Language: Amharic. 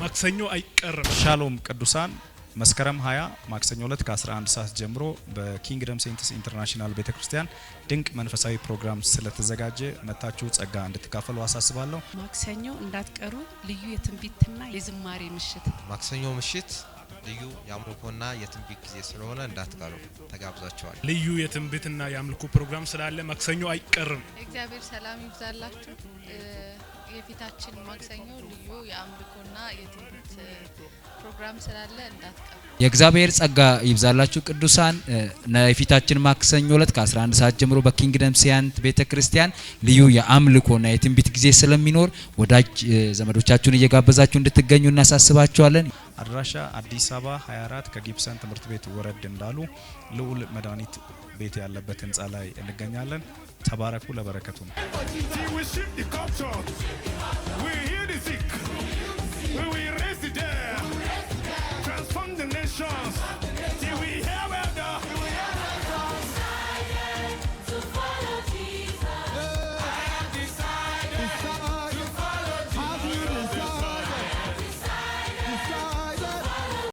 ማክሰኞ አይቀርም። ሻሎም ቅዱሳን መስከረም 20 ማክሰኞ ዕለት ከ11 ሰዓት ጀምሮ በኪንግደም ሴንትስ ኢንተርናሽናል ቤተክርስቲያን ድንቅ መንፈሳዊ ፕሮግራም ስለተዘጋጀ መታችሁ ጸጋ እንድትካፈሉ አሳስባለሁ። ማክሰኞ እንዳትቀሩ። ልዩ የትንቢትና የዝማሬ ምሽት ማክሰኞ ምሽት ልዩ የአምልኮና የትንቢት ጊዜ ስለሆነ እንዳትቀሩ ተጋብዛቸዋል። ልዩ የትንቢትና የአምልኮ ፕሮግራም ስላለ ማክሰኞ አይቀርም። እግዚአብሔር ሰላም ይብዛላችሁ። የፊታችን ማክሰኞ ልዩ የአምልኮና የትንቢት ፕሮግራም ስላለ እንዳትቀሩ። የእግዚአብሔር ጸጋ ይብዛላችሁ ቅዱሳን። የፊታችን ማክሰኞ ለት ከ11 ሰዓት ጀምሮ በኪንግደም ሲያንት ቤተ ክርስቲያን ልዩ የአምልኮና የትንቢት ጊዜ ስለሚኖር ወዳጅ ዘመዶቻችሁን እየጋበዛችሁ እንድትገኙ እናሳስባችኋለን። አድራሻ አዲስ አበባ 24 ከጊብሰን ትምህርት ቤት ወረድ እንዳሉ ልዑል መድኃኒት ቤት ያለበት ህንፃ ላይ እንገኛለን። ተባረኩ። ለበረከቱ ነው።